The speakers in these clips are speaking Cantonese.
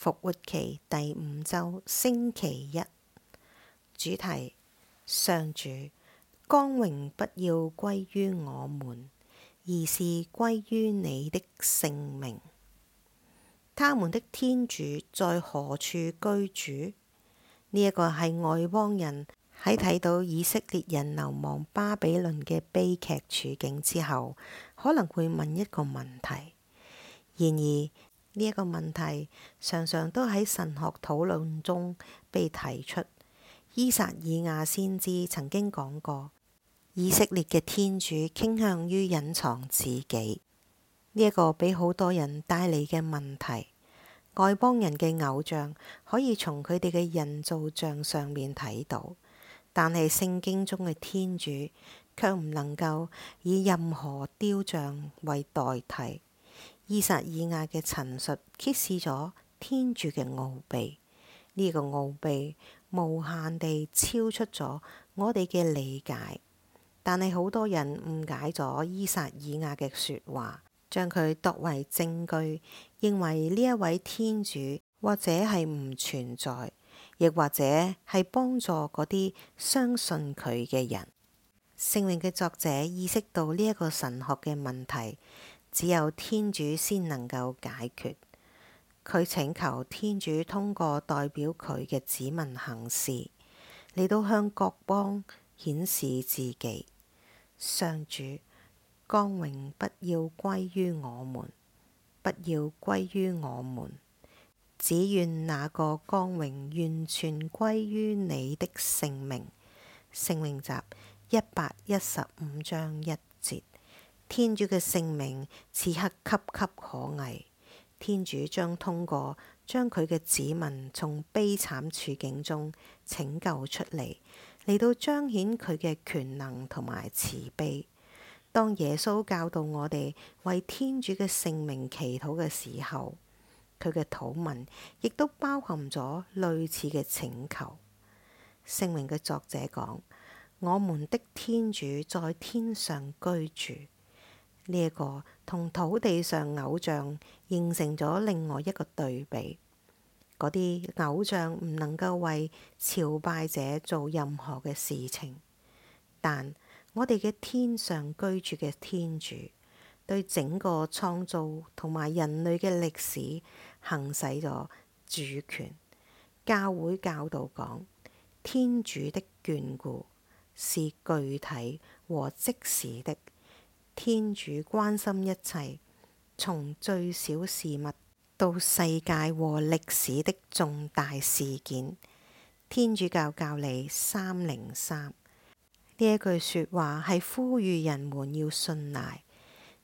復活期第五週星期一，主題，上主，光榮不要歸於我們，而是歸於你的聖名。他們的天主在何處居住？呢一個係外邦人喺睇到以色列人流亡巴比倫嘅悲劇處境之後，可能會問一個問題。然而呢一個問題，常常都喺神學討論中被提出。依撒意亞先知曾經講過，以色列嘅天主傾向於隱藏自己。呢、這、一個俾好多人帶嚟嘅問題，外邦人嘅偶像，可以從佢哋嘅人造像上面睇到，但係聖經中嘅天主，卻唔能夠以任何雕像為代替。依撒意亞嘅陳述揭示咗天主嘅奧秘，呢個奧秘無限地超出咗我哋嘅理解。但係好多人誤解咗依撒意亞嘅説話，將佢作為證據，認為呢一位天主或者係唔存在，亦或者係幫助嗰啲相信佢嘅人。聖詠嘅作者意識到呢一個神學嘅問題，只有天主先能夠解決。佢請求天主通過代表佢嘅子民行事。嚟到向各邦顯示自己。上主，光榮不要歸於我們，不要歸於我們，只願那個光榮完全歸於你的聖名。聖詠集一百一十五章一節。天主嘅聖名此刻岌岌可危，天主將通過將佢嘅子民從悲慘處境中拯救出嚟，嚟到彰顯佢嘅權能同埋慈悲。當耶穌教導我哋為天主嘅聖名祈禱嘅時候，佢嘅禱文亦都包含咗類似嘅請求。聖詠嘅作者講：我們的天主在天上居住。呢一個同土地上偶像形成咗另外一個對比。嗰啲偶像唔能夠為朝拜者做任何嘅事情，但我哋嘅天上居住嘅天主對整個創造同埋人類嘅歷史行使咗主權。教會教導講，天主的眷顧是具體和即時的。天主關心一切，從最小事物到世界和歷史的重大事件。天主教教理三零三，呢一句説話係呼籲人們要信賴，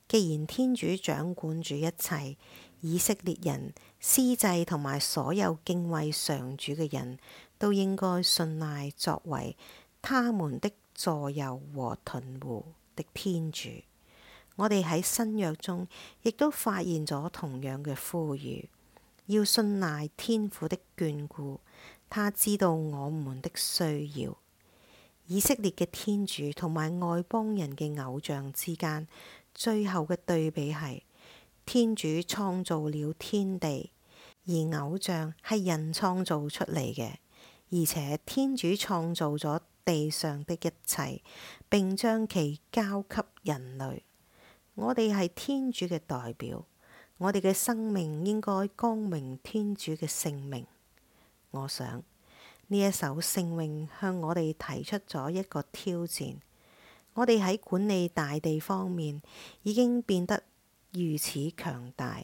既然天主掌管住一切，以色列人、司祭同埋所有敬畏上主嘅人都應該信賴作為他們的助佑和盾護的天主。我哋喺新約中亦都發現咗同樣嘅呼籲，要信賴天父的眷顧，他知道我們的需要。以色列嘅天主同埋外邦人嘅偶像之間，最後嘅對比係：天主創造了天地，而偶像係人創造出嚟嘅，而且天主創造咗地上的一切，並將其交給人類。我哋係天主嘅代表，我哋嘅生命應該光榮天主嘅聖名。我想呢一首聖詠向我哋提出咗一個挑戰。我哋喺管理大地方面已經變得如此強大，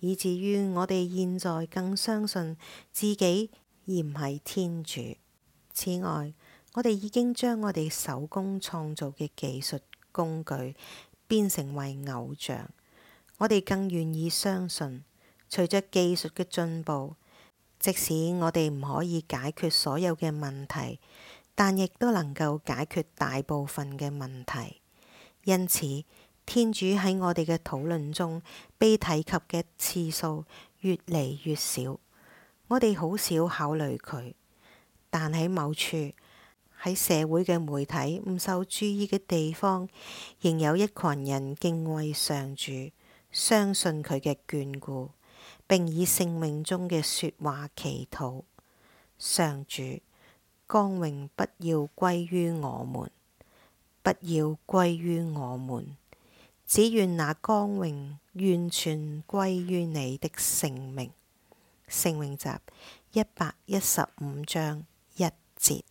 以至於我哋現在更相信自己而唔係天主。此外，我哋已經將我哋手工創造嘅技術工具，變成為偶像，我哋更願意相信，隨着技術嘅進步，即使我哋唔可以解決所有嘅問題，但亦都能夠解決大部分嘅問題。因此，天主喺我哋嘅討論中被提及嘅次數越嚟越少，我哋好少考慮佢，但喺某處，喺社會嘅媒體唔受注意嘅地方，仍有一群人敬畏上主，相信佢嘅眷顧，並以聖詠中嘅説話祈禱：上主，光榮不要歸於我們，不要歸於我們，只願那光榮完全歸於你的聖名。聖詠集一百一十五章一節。